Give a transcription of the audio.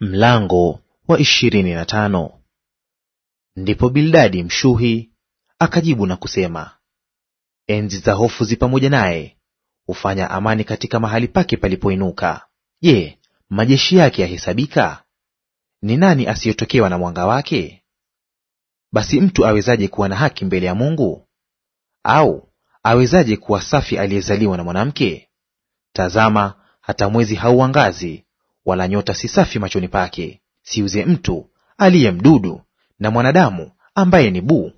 Mlango wa ishirini na tano. Ndipo Bildadi Mshuhi akajibu na kusema, enzi za hofu zi pamoja naye, hufanya amani katika mahali pake palipoinuka. Je, majeshi yake yahesabika? Ni nani asiyotokewa na mwanga wake? Basi mtu awezaje kuwa na haki mbele ya Mungu? Au awezaje kuwa safi aliyezaliwa na mwanamke? Tazama, hata mwezi hauangazi wala nyota si safi machoni pake, siuze mtu aliye mdudu na mwanadamu ambaye ni buu